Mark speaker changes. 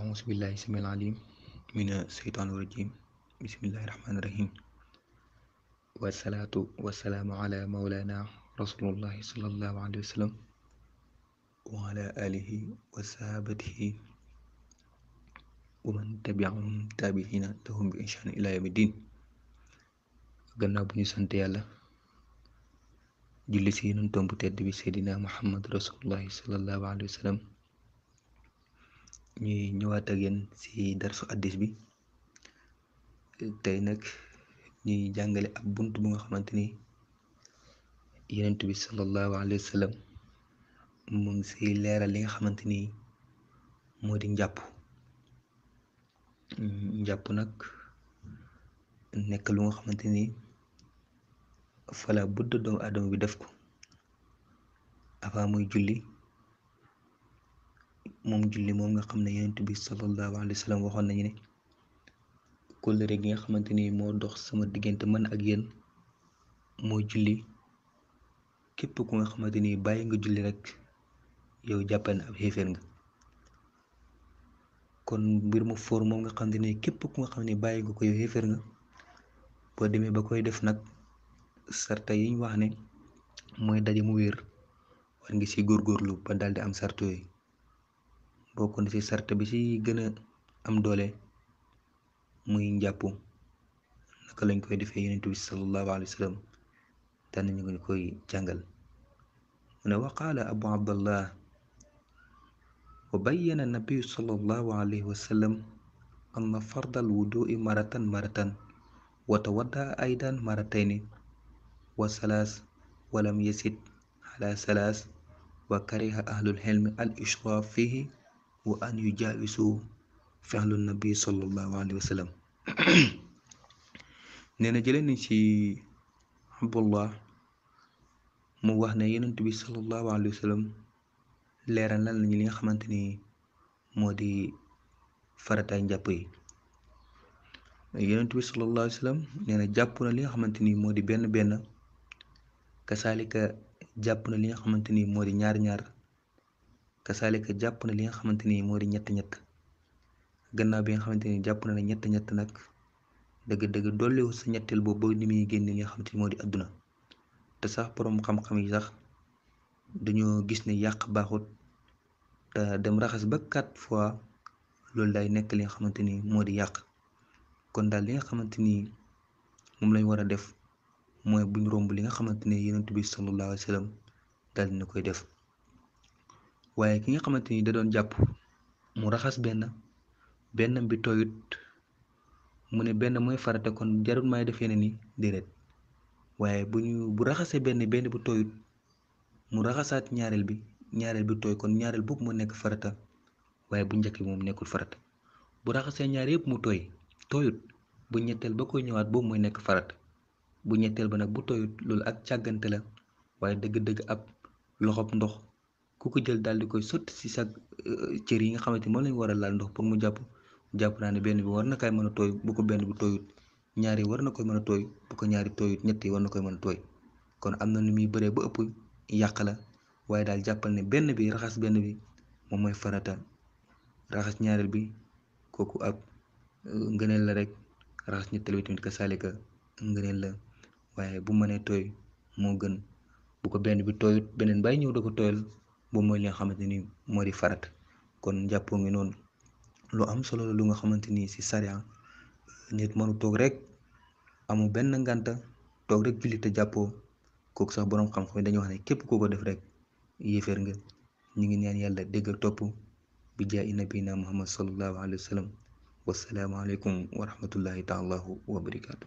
Speaker 1: أعوذ بالله السميع العليم من الشيطان الرجيم بسم الله الرحمن الرحيم والصلاة والسلام على مولانا رسول الله صلى الله عليه وسلم وعلى آله وصحابته ومن تبعهم تابعين لهم بإحسان إلى يوم الدين gannaaw bu ñu sant yàlla julli si yonentam bu tedd bi Seydina Muhammad rasulullahi sallallahu alayhi wa sallam ñuy ñëwaat a yéen ci darsu addis bi tey nag ñuy jàngale ab bunt bu nga xamante ni yenent bi sallallahu alayhi wa sallam mu leeral li nga xamante ni moo di njàpp njàpp nag nekk lu nga xamante ni fala budd doomu aadama bi def ko avant mooy julli moom julli moom nga xam ne yonent bi sallallahu alayhi wa sallam waxoon nañu ne kóllëre gi nga xamante ni moo dox sama diggante man ak yéen moo julli képp ku nga xamante ni bàyyi nga julli rek yow jàppal na ab nga kon mbir mu foor moom nga xamante ni képp ku nga xam ni bàyyi nga ko yow xéeféer nga boo demee ba koy def nag sarta yiñ wax ne mooy daj mu wér war ngi ci góorgóorlu ba daldi am sarta yooyu bokk na ci sart bi ci gën am doole muy njàpp naka lañ koy defee yonent bi sallallahu alayhi wa sallam daan koy jàngal mu ne wa qaala abu abdallah wa bayyana nabiyu sallallahu alayhi wa sallam anna fardal wudui maratan maratan wa tawadda aydan maratayni wa salaas wa yasid ala salaas wa kariha ahlul xilmi al ishraaf fihi wa an yu jaawisu fexlu nabi sallallahu alayhi wa sallam nee na jëlee nañ ci abdullah mu wax ne yonent bi sallallahu alayhi wa sallam leeral lan lañu li nga xamante ni moo di farataay njàpp yi yonent bi sallallahu alayhi wa sallam nee na jàpp na li nga xamante ni moo di benn benn kasaalika jàpp na li nga xamante ni moo di ñaar ñaar kasaalika jàpp na li nga xamante ni moo di ñett ñett gannaaw bi nga xamante ni jàpp na ne ñett ñett nag dëgg-dëgg dolliwu sa ñetteel boobu ba ni muy génn li nga xamante ni moo di àdduna te sax boroom xam yi sax dañoo gis ne yàq baaxut dem raxas ba quatre fois loolu day nekk li nga xamante ni moo di yàq kon daal li nga xamante ni moom lañ war a def mooy buñ romb li nga xamante ni yonent bi sallallahu alayhi wa sallam daal koy def. waaye ki nga xamante ni da doon jàpp mu raxas benn benn bi tooyut mu ne benn mooy farata kon jarul def yeneen ni déedéet waaye bu ñu bu raxasee benn benn bu tooyut mu raxasaat ñaareel bi ñaareel bi tooy kon ñaareel boobu moo nekk farata waaye bu njëkk bi moom nekkul farata bu raxasee ñaar yëpp mu tooy tooyut bu ñetteel ba koy ñëwaat boobu mooy nekk farata bu ñetteel ba nag bu tooyut loolu ak càggante la waaye dëgg-dëgg ab loxob ndox ku ko jël daal di koy sotti si sag euh, cër yi nga xamante ni moom lañ war a laal ndox pour mu jàpp jàpp naa ne benn bi war na kay mën a tooy bu ko benn bi tooyut ñaari war na koy mën a tooy bu ko ñaari tooyut ñett war na koy mën a tooy kon am na nu muy bëree ba ëpp yàq la waaye daal jàppal ne benn bi raxas benn bi moom mooy farata raxas ñaareel bi kooku ab euh, ngëneel la rek raxas ñetteel bi tamit ka saalika ngëneel la waaye bu mënee tooy moo gën bu ko benn bi tooyut beneen bay ñëw da ko tooyal boobu mooy li nga xamante ni moo farat kon jàppoo ngi noonu lu am solo la lu nga xamante ni si sariya nit mënu toog rek amu benn ngànta toog rek julli te jàppoo kooku sax boroom xam-xam yi dañuy wax ne képp koo ko def rek yéeféer nga ñu ngi neen yàlla dégg ak topp bi jaay nabina muhammad sallallahu alayhi wa sallam wasalaamualeykum wa rahmatullahi taalaahu wa barakaatu.